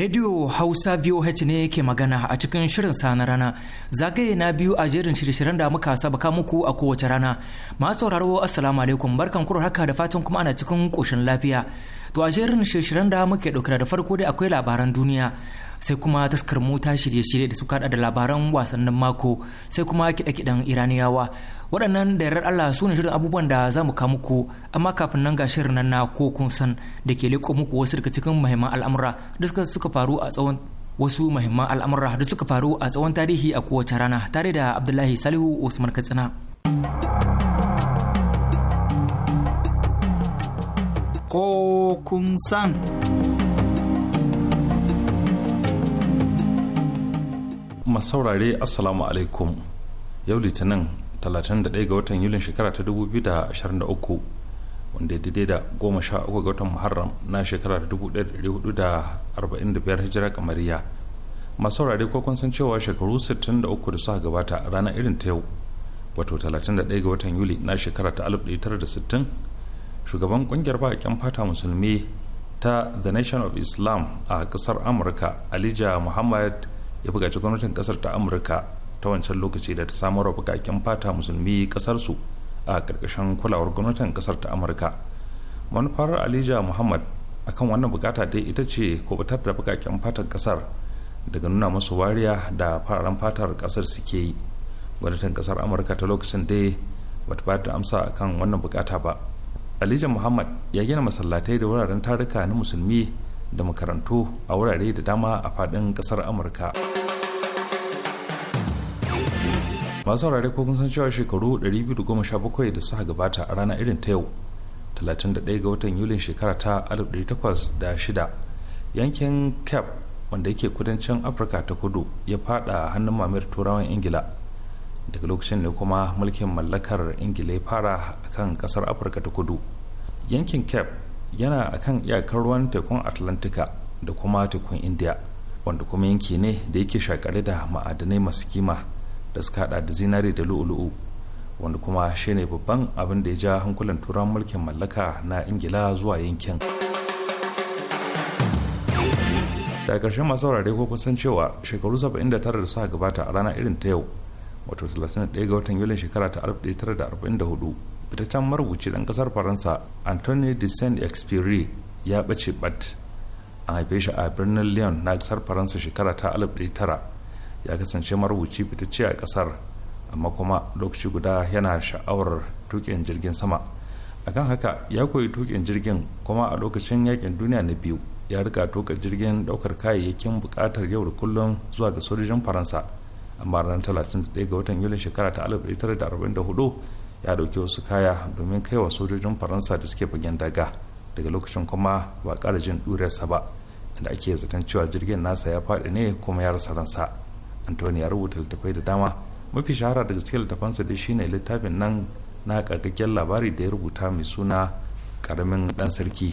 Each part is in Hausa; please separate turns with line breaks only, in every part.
Radio Hausa VOH ne ke magana a cikin shirin sa rana. Zagaye na biyu a jerin shirye da muka saba ka muku a kowace rana. Masu sauraro Assalamu alaikum barkan kuro haka da fatan kuma ana cikin koshin lafiya. To a jerin shirye-shiryen da muke ɗauke da farko dai akwai labaran duniya. sai kuma taskar mota shirye-shirye da suka da labaran wasannin mako sai kuma kiɗe-kiɗen iraniyawa waɗannan da yarar allah su ne shirin abubuwan da za mu muku amma kafin nan ga shirin nan na ko kun san da ke leƙo muku wasu daga cikin muhimman al'amura da suka faru a tsawon wasu muhimman al'amura da suka faru a tsawon tarihi a kowace rana tare da abdullahi salihu usman katsina
ko kun san
masaurare assalamu alaikum yau litinin 31 ga watan yulin shekara ta 2023 wanda ya daidai da 13 ga watan muharram na shekara ta 1445 hijira kamariya masaurare saurare ko kun san cewa shekaru 63 da suka gabata a ranar irin ta yau wato 31 ga watan yuli na shekara ta 1960 shugaban kungiyar baƙin fata musulmi ta the nation of islam a ƙasar amurka alija muhammad ya bukaci gwamnatin kasar ta amurka ta wancan lokaci da ta samar wa bukakin fata musulmi su a ƙarƙashin kulawar gwamnatin ƙasar ta amurka manufar alija muhammad akan wannan bukata dai ita ce kubutar da bukakin fatar ƙasar daga nuna musu wariya da fararen fatar ƙasar suke yi gwamnatin ƙasar amurka ta lokacin dai bata ba da amsa akan wannan bukata ba alija muhammad ya gina masallatai da wuraren tarika na musulmi da makarantu a wurare da dama a faɗin ƙasar amurka masu saurare ko kun san cewa shekaru 217 da suka gabata a rana irin ta yau 31 ga watan yulin shekara ta 1806 yankin cap wanda yake kudancin afirka ta kudu ya fada hannun mamayar turawan ingila daga lokacin ne kuma mulkin mallakar ingila ya fara a kan kasar afirka ta kudu yankin cap yana a kan iyakar ruwan tekun atlantika da kuma tekun india wanda kuma yanki ne da yake shakare da ma'adanai masu kima da suka hada da zinari da lu'ulu'u wanda kuma shine babban abin da ya ja hankulan turan mulkin mallaka na ingila zuwa yankin da ƙarshen masu saurare ko kusan cewa shekaru 79 da suka gabata a rana irin ta yau wato 31 ga watan yulin shekara ta 1944 fitaccen marubuci dan kasar faransa anthony de saint exupéry ya bace bat an haife shi a birnin lyon na kasar faransa shekara ta 1900 ya kasance marubuci fitacce a kasar amma kuma lokaci guda yana sha'awar tuƙin jirgin sama akan haka ya koyi tuƙin jirgin kuma a lokacin yakin duniya na biyu ya rika tuka jirgin ɗaukar kayayyakin bukatar yau da kullum zuwa ga sojojin faransa amma ranar 31 ga watan yulin shekara ta 1944 ya dauki wasu kaya domin kai wa sojojin faransa da suke bugin daga daga lokacin kuma ba ƙara jin ɗurarsa ba inda ake zaton cewa jirgin nasa ya faɗi ne kuma ya rasa ransa antoni ya rubuta littafai da dama mafi shahara daga cikin littafansa da shine littafin nan na kakakken labari da ya rubuta mai suna ƙaramin ɗan sarki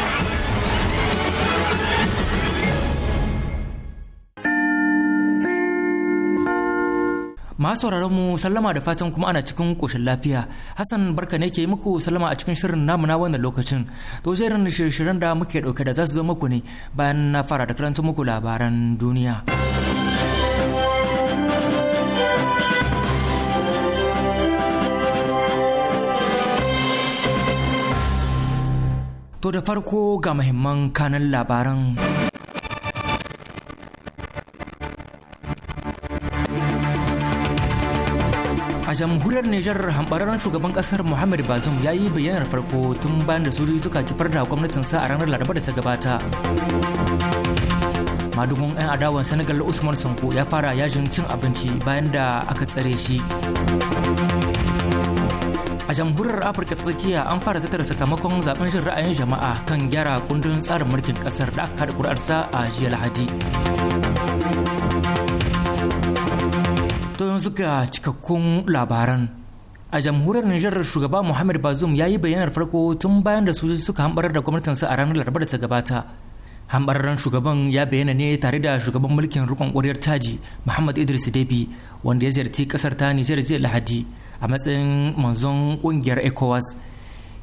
masu mu sallama da fatan kuma ana cikin koshin lafiya hassan barka ne ke muku sallama a cikin shirin namu na wannan lokacin to jerin shirye da muke dauke da za su zo muku ne bayan na fara da karanta muku labaran duniya to da farko ga muhimman kanan labaran a jamhuriyar nijar hambararren shugaban kasar muhammad bazum ya yi bayyanar farko tun bayan da sojoji suka kifar da gwamnatinsa a ranar laraba da ta gabata madugun 'yan adawan senegal usman sanko ya fara yajin cin abinci bayan da aka tsare shi a jamhuriyar afirka ta tsakiya an fara tattara sakamakon zaben jin ra'ayin jama'a kan gyara kundin tsarin mulkin kasar da aka kada kuri'arsa a jiya lahadi To yanzu cikakkun labaran. A jamhuriyar Nijar shugaba Muhammad Bazoum ya yi bayanar farko tun bayan da sojoji suka hambarar da gwamnatinsa a ranar Laraba da ta gabata. Hambararren shugaban ya bayyana ne tare da shugaban mulkin rikon ƙwariyar taji Muhammad Idris Debi wanda ya ziyarci kasar ta Nijar jiya Lahadi a matsayin manzon ƙungiyar ECOWAS.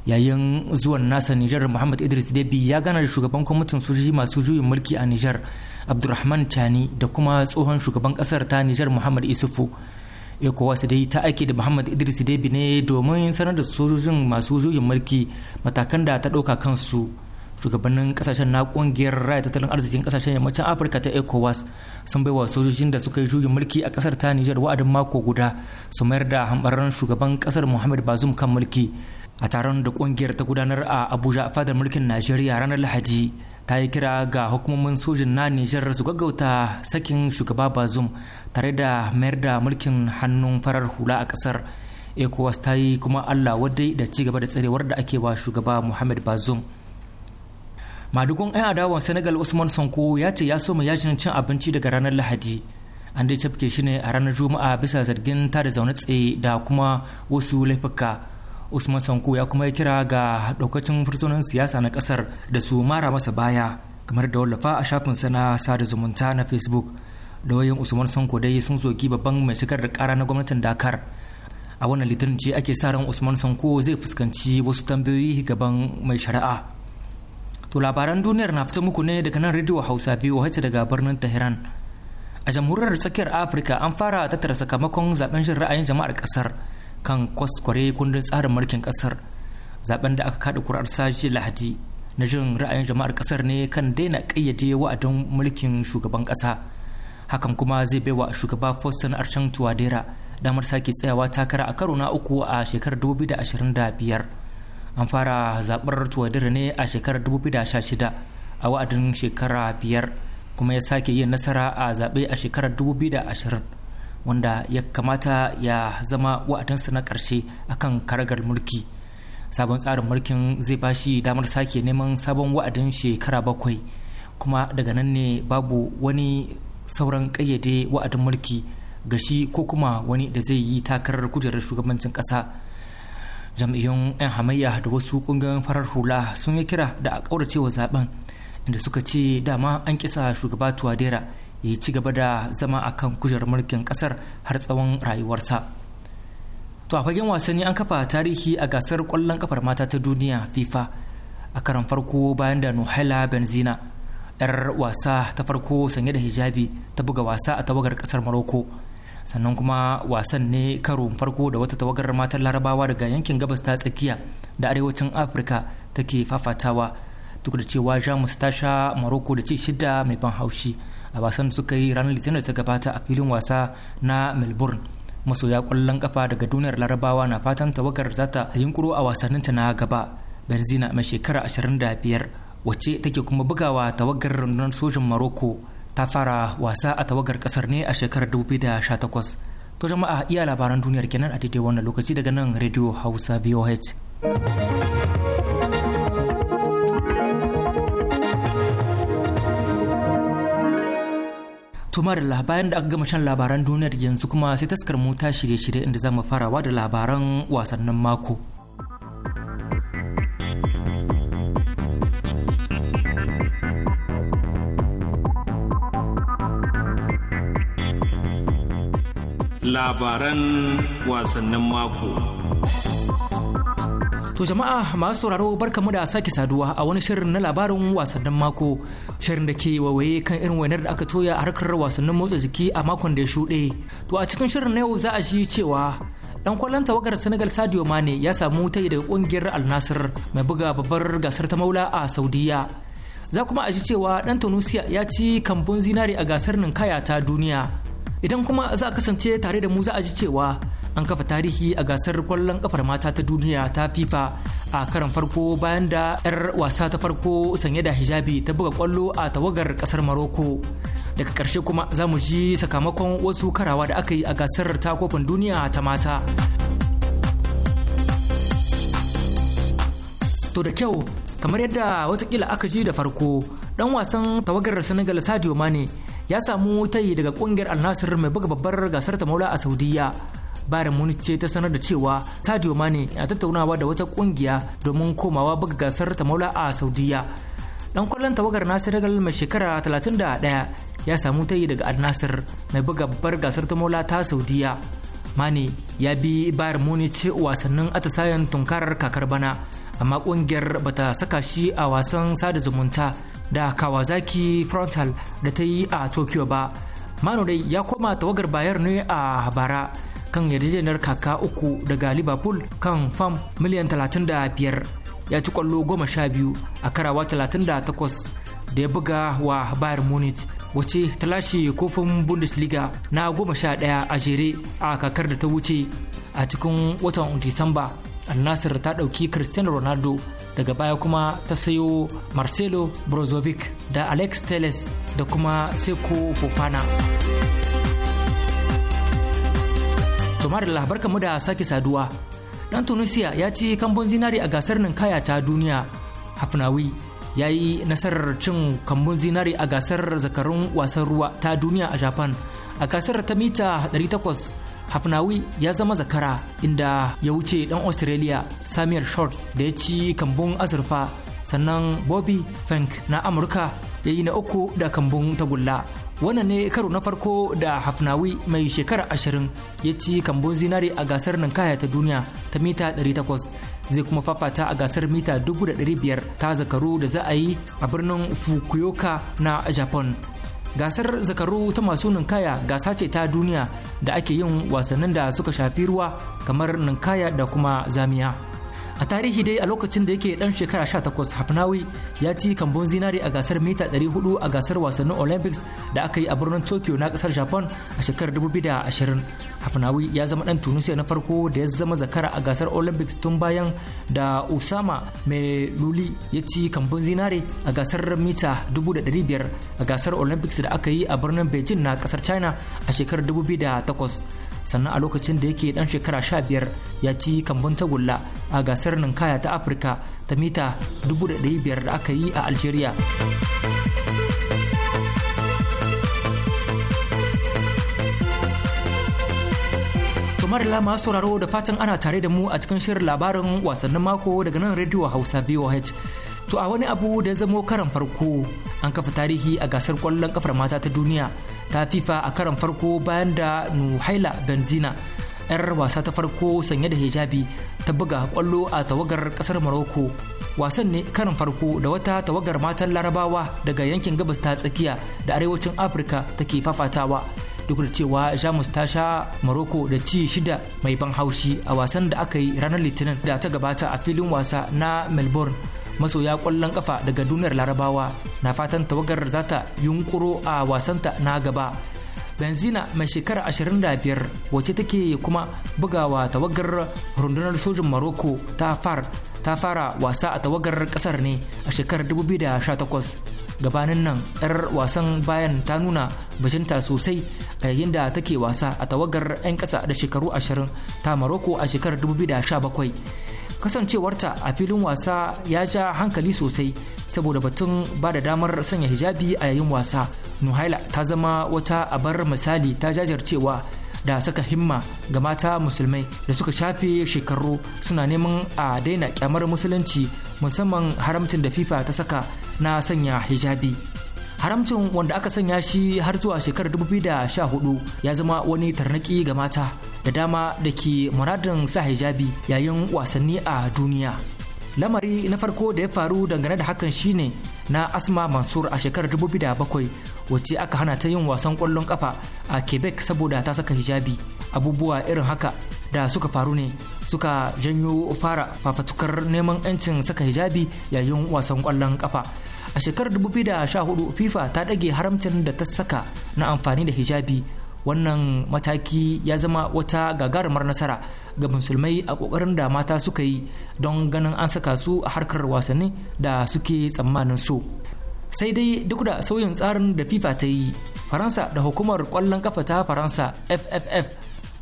yayin zuwan nasa Nijar Muhammad Idris Debi ya gana da shugaban kwamitin sojoji masu juyin mulki a Nijar abdulrahman tani da kuma tsohon shugaban kasar ta nijar muhammad isufu ecowas dai ta aiki da muhammad idris debi ne domin sanar da sojojin masu juyin mulki matakan da ta ɗauka kansu shugabannin kasashen na kungiyar raya tattalin arzikin kasashen yammacin afirka ta ecowas sun baiwa sojojin da suka yi juyin mulki a kasar ta nijar wa'adin mako guda su mayar da hambararren shugaban kasar muhammad bazum kan mulki a taron da kungiyar ta gudanar a abuja a fadar mulkin najeriya ranar lahadi ta yi kira ga hukumomin sojin na nijar su gaggauta sakin shugaba bazum tare da mayar da mulkin hannun farar hula a kasar ecowas ta yi kuma allah wadai da ci gaba da tsarewar da ake wa shugaba muhammad bazum madugun 'yan adawan senegal usman sonko ya ce ya so soma yajin cin abinci daga ranar lahadi an dai cafke shi ne a ranar juma'a bisa zargin tada zaune tsaye da kuma wasu laifuka usman sanko ya kuma yi kira ga daukacin fursunan siyasa na kasar da su mara masa baya kamar da wallafa a shafin sana sada zumunta na facebook da wayan usman sanko dai sun zogi babban mai shigar da kara na gwamnatin dakar a wannan litinin ce ake sa ran usman sanko zai fuskanci wasu tambayoyi gaban mai shari'a to labaran duniyar na fita muku ne daga nan rediyo hausa biyu wacce daga birnin tehran a jamhuriyar tsakiyar afirka an fara tattara sakamakon zaben jin ra'ayin jama'ar kasar kan kwaskware kundin tsarin mulkin kasar zaben da aka kada kuri'ar sashi lahadi na jin ra'ayin jama'ar kasar ne kan daina kayyade wa'adin mulkin shugaban kasa hakan kuma zai baiwa shugaba faustin archan tuwadera damar sake tsayawa takara a karo na uku a shekarar 2025 an fara zaɓar tuwadera ne a shekarar 2016 a wa'adin shekara biyar kuma ya sake yin nasara a zaɓe a shekarar 2020 wanda ya kamata ya zama wa'adansa na ƙarshe akan karagar mulki sabon tsarin mulkin zai ba shi damar sake neman sabon wa'adin shekara bakwai kuma daga nan ne babu wani sauran ƙayyade wa'adin mulki ga shi ko kuma wani da zai yi takarar kujerar shugabancin ƙasa jam'iyyun 'yan hamayya da wasu ƙungiyoyin farar hula sun yi kira da a ƙauracewa zaben inda suka ce dama an kisa shugaba tuwadera ya ci gaba da zama a kan kujerar mulkin kasar har tsawon rayuwarsa to a fagen wasanni an kafa tarihi a gasar kwallon kafar mata ta duniya fifa a karan farko bayan da nuhaila benzina yar wasa ta farko sanye da hijabi ta buga wasa a tawagar kasar maroko sannan kuma wasan ne karo farko da wata tawagar matan larabawa daga yankin gabas ta tsakiya da arewacin afirka take fafatawa duk da cewa jamus ta sha maroko da ci shida mai ban haushi a wasan da suka yi ranar litinin da ta gabata a filin wasa na melbourne masoya kwallon kafa daga duniyar larabawa na fatan tawagar za ta yunkuro a wasanninta na gaba benzina mai shekara da biyar wacce take kuma bugawa tawagar rundunar sojin maroko ta fara wasa a tawagar kasar ne a shekarar 2018 to jama'a iya labaran duniyar kenan a daidai wannan lokaci daga nan radio hausa voh To da bayan da aka gama shan labaran duniyar yanzu kuma sai taskar mu shirye-shirye inda za mu farawa da labaran wasannin mako.
Labaran wasannin mako.
To jama'a masu sauraro barkamu da sake saduwa a wani shirin na labarin wasannin mako shirin da ke wawaye kan irin wainar da aka toya a harkar wasannin motsa jiki a makon da ya shuɗe. To a cikin shirin na yau za a ji cewa dan kwallon tawagar Senegal Sadio Mane ya samu tayi daga kungiyar Al Nassr mai buga babbar gasar ta Maula a Saudiya. Za kuma a ji cewa dan Tunisia ya ci kambun zinare a gasar ninkaya ta duniya. Idan kuma za a kasance tare da mu za a ji cewa an kafa tarihi a gasar kwallon kafar mata ta duniya ta fifa a karan farko bayan da 'yar wasa ta farko sanye da hijabi ta buga kwallo a tawagar kasar maroko daga karshe kuma za mu ji sakamakon wasu karawa da aka yi a gasar ta kofin duniya ta mata to da kyau kamar yadda watakila aka ji da farko dan wasan tawagar senegal sadio mane ya samu tayi daga kungiyar alnasir mai buga babbar gasar ta maula a saudiya bayern munich ce ta sanar da cewa sadio mane a tattaunawa da wata kungiya domin komawa buga gasar ta maula a saudiya dan kwallon tawagar senegal mai shekara 31 ya samu tayi daga al-nasir mai buga babbar gasar ta maula ta saudiya mane ya bi bayern munich wasannin atasayan tunkarar kakar bana amma kungiyar bata saka shi a wasan sada zumunta da kawasaki frontal da ta yi a tokyo ba mano dai ya koma tawagar bayar ne a bara kan yarjejeniyar kaka uku daga liverpool kan fam miliyan 35 ya ci kwallo goma sha biyu a karawa 38 da ya buga wa bayern munich wace ta lashe kofin bundesliga na goma sha ɗaya a jere a kakar da ta wuce a cikin watan disamba Al-Nasir ta ɗauki cristiano ronaldo daga baya kuma ta sayo marcelo brozovic da alex teles da kuma seko fofana Tumarila barka mu da sake saduwa. Dan Tunisia ya ci kambon zinari a gasar ninkaya ta duniya. Hafnawi ya yi nasarar cin kambon zinari a gasar zakarun wasan ruwa ta duniya a Japan. A gasar ta mita 800 Hafnawi ya zama zakara inda ya wuce dan Australia Samuel Short da ya ci kambun azurfa sannan Bobby Fink na Amurka ya yi na uku da kambun tagulla. wannan ne karo na farko da hafnawi mai shekara ashirin ya ci kambun zinari a gasar ninkaya ta duniya ta mita 800 zai kuma fafata a gasar mita 500 ta zakaru da za a yi a birnin fukuyoka na japan gasar zakaru ta masu ninkaya gasa ce ta duniya da ake yin wasannin da suka shafi ruwa kamar ninkaya da kuma zamiya a tarihi dai a lokacin da yake dan shekara 18 hafnawi ya ci kambun zinari a gasar mita 400 a gasar wasannin olympics da aka yi a birnin tokyo na kasar japan a shekarar 2020 hafnawi ya zama dan tunisia na farko da ya zama zakara a gasar olympics tun bayan da usama mai luli ya ci kambun zinari a gasar mita 1500 a gasar olympics da aka yi a birnin beijing na kasar china a shekarar 2008 sannan a lokacin da yake dan shekara sha biyar ya ci kambun tagulla a gasar ninkaya ta afirka ta mita dubu da biyar da aka yi a algeria Marla masu sauraro da fatan ana tare da mu a cikin shirin labarin wasannin mako daga nan Radio Hausa BOH. To a wani abu da zamo karan farko an kafa tarihi a gasar kwallon kafar mata ta duniya ta fifa a karan farko bayan da Nuhaila Benzina 'yar wasa ta farko sanye da hijabi ta buga kwallo a tawagar kasar Morocco wasan ne karan farko da wata tawagar matan larabawa daga yankin gabas ta tsakiya da arewacin afirka take fafatawa duk da cewa jamus ta sha maroko da ci shida mai ban haushi a wasan da aka yi ranar litinin da ta gabata a filin wasa na melbourne masoya kwallon kafa daga duniyar larabawa na fatan tawagar za ta yunkuro a wasanta na gaba benzina mai shekara 25 wacce take kuma bugawa tawagar rundunar sojin maroko ta far ta fara wasa a tawagar kasar ne a shekarar 2018 gabanin nan yar wasan bayan ta nuna bajinta sosai a yayin da take wasa a tawagar 'yan ƙasa da shekaru 20 ta maroko a shekarar 2017 kasancewarta a filin wasa ya ja hankali sosai saboda batun ba da damar sanya hijabi a yayin wasa nuhaila ta zama wata abar misali ta jajircewa da saka himma ga mata musulmai da suka shafe shekaru suna neman a daina kyamar musulunci musamman haramcin da fifa ta saka na sanya hijabi haramcin wanda aka sanya shi har zuwa shekarar 2014 ya zama wani tarnaki ga mata da dama da ke muradin sa hijabi yayin wasanni a duniya lamari na farko da ya faru dangane da hakan shine na asma mansur a shekarar 2007 wacce aka hana ta yin wasan kwallon kafa a quebec saboda ta saka hijabi abubuwa irin haka da suka faru ne suka janyo fara fafatukar neman 'yancin saka hijabi yayin wasan kwallon kafa a shekarar hudu fifa ta ɗage haramcin da ta saka na amfani da hijabi wannan mataki ya zama wata gagarumar nasara ga musulmai a kokarin da mata suka yi don ganin an saka su a harkar wasanni da suke tsammanin so sai dai duk da sauyin tsarin da fifa ta yi faransa da hukumar kwallon kafa ta faransa fff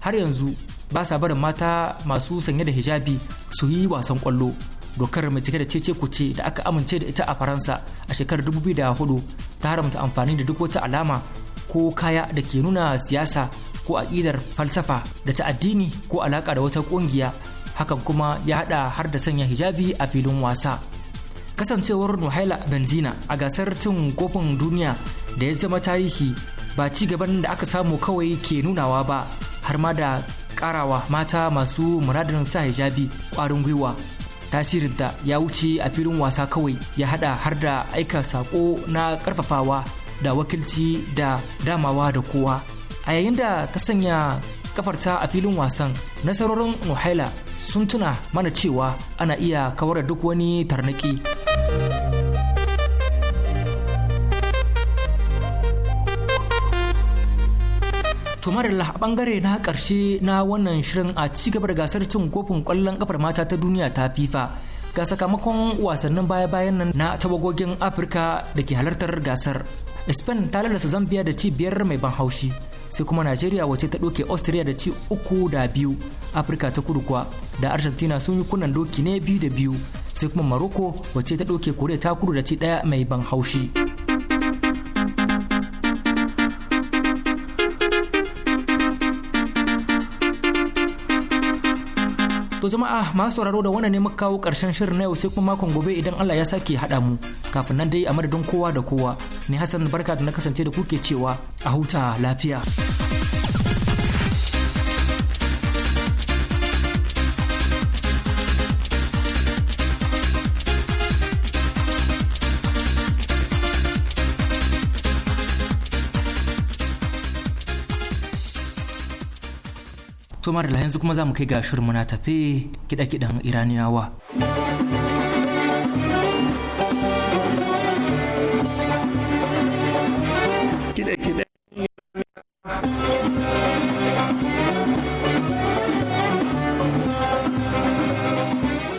har yanzu ba sa barin mata masu sanye da hijabi su yi wasan kwallo dokar mai cike da cece kuce da aka amince da ita a faransa a shekarar 2004 ta haramta amfani da duk wata alama ko kaya da ke nuna siyasa ko aƙidar falsafa da ta addini ko alaƙa da wata ƙungiya hakan kuma ya haɗa har da sanya hijabi a filin wasa kasancewar nuhaila benzina a gasar cin kofin duniya da ya zama tarihi ba ci gaban da aka samu kawai ke nunawa ba har ma da karawa mata masu muradin sa hijabi ƙwarin gwiwa tasirin da ya wuce a filin wasa kawai ya hada har da aika sako na karfafawa da wakilci da damawa da kowa a yayin da ta sanya kafarta a filin wasan nasarorin nuhaila sun tuna mana cewa ana iya kawar da duk wani tarnaki. To marilla a bangare na karshe na wannan shirin a ci gaba da gasar cin kofin kwallon kafar mata ta duniya ta FIFA. Ga sakamakon wasannin baya-bayan nan na tawagogin Afirka da ke halartar gasar. Spain ta lalasa Zambia da ci biyar mai ban haushi. sai kuma Najeriya wace ta doke Austria da ci uku da biyu Afirka ta kudu kuwa da Argentina sun yi kunan doki ne biyu da biyu sai kuma Morocco wace ta doke Korea ta kudu da ci daya mai ban haushi. To jama'a masu sauraro da wannan ne muka kawo ƙarshen shirin na yau sai kuma makon gobe idan Allah ya sake haɗa mu. Kafin nan dai a madadin kowa da kowa. ne Hassan barka da na kasance da kuke cewa a huta lafiya. to da yanzu kuma za mu kai ga shirin muna tafe kiɗa-kiɗan iraniyawa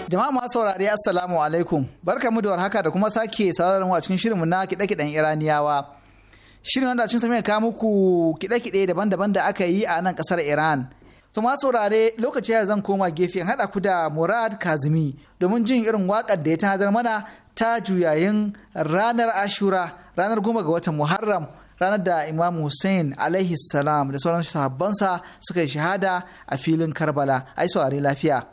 Jama'a masu saurari Assalamu alaikum. Barkamu da warhaka da kuma sake sauraron a cikin shirinmu na kiɗe-kiɗen Iraniyawa. Shirin wanda cin sami kawo muku kiɗe-kiɗe daban-daban da aka yi a nan kasar Iran To saurare lokaci ya zan koma gefe haɗa ku da Murad Kazimi domin jin irin wakar da ya tanadar mana ta juyayin ranar Ashura ranar goma ga watan Muharram ranar da Imam hussain alaihi salam da sauran sahabbansa suka yi shahada a filin Karbala. Ai saurare lafiya.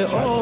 Oh.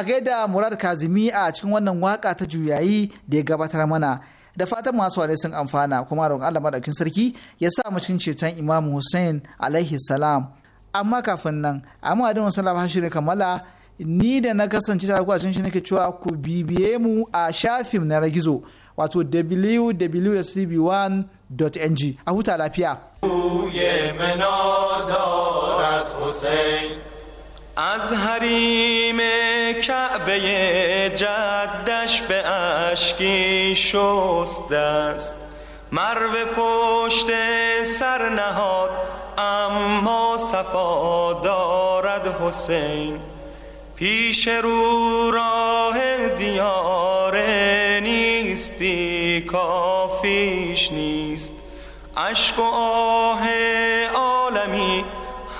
a gaida Murad Kazimi a cikin wannan waka ta juyayi da ya gabatar mana. Da fatan masu wane sun amfana kuma roƙon Allah madaukin sarki ya sa mu cikin ceton Imam Hussein alaihi salam. Amma kafin nan, amma da wasu labar shirin kamala ni da na kasance ta ku a cikin shi nake cewa ku bibiye mu a shafin na ragizo wato www.cb1.ng a huta lafiya.
از حریم کعبه جدش به اشکی شست دست مرو پشت سر نهاد اما صفا دارد حسین پیش رو راه دیار نیستی کافیش نیست اشک و آه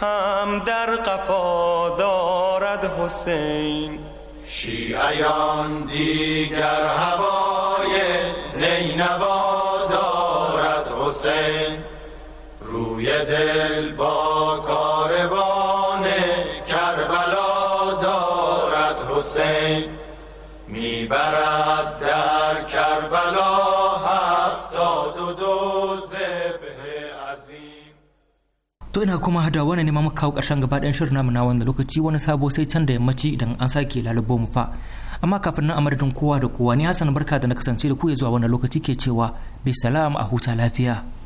هم در قفا دارد حسین شیعیان دیگر هوای نینوا دارد حسین روی دل با
to ina kuma hada wani ne muka kawo ƙarshen gaba ɗayan shirin namu na wannan lokaci wani sabo sai can da yammaci idan an sake lalubo mu fa amma kafin nan a madadin kowa da kowa ni Hassan barka da na kasance da ku zuwa wannan lokaci ke cewa bi salam a huta lafiya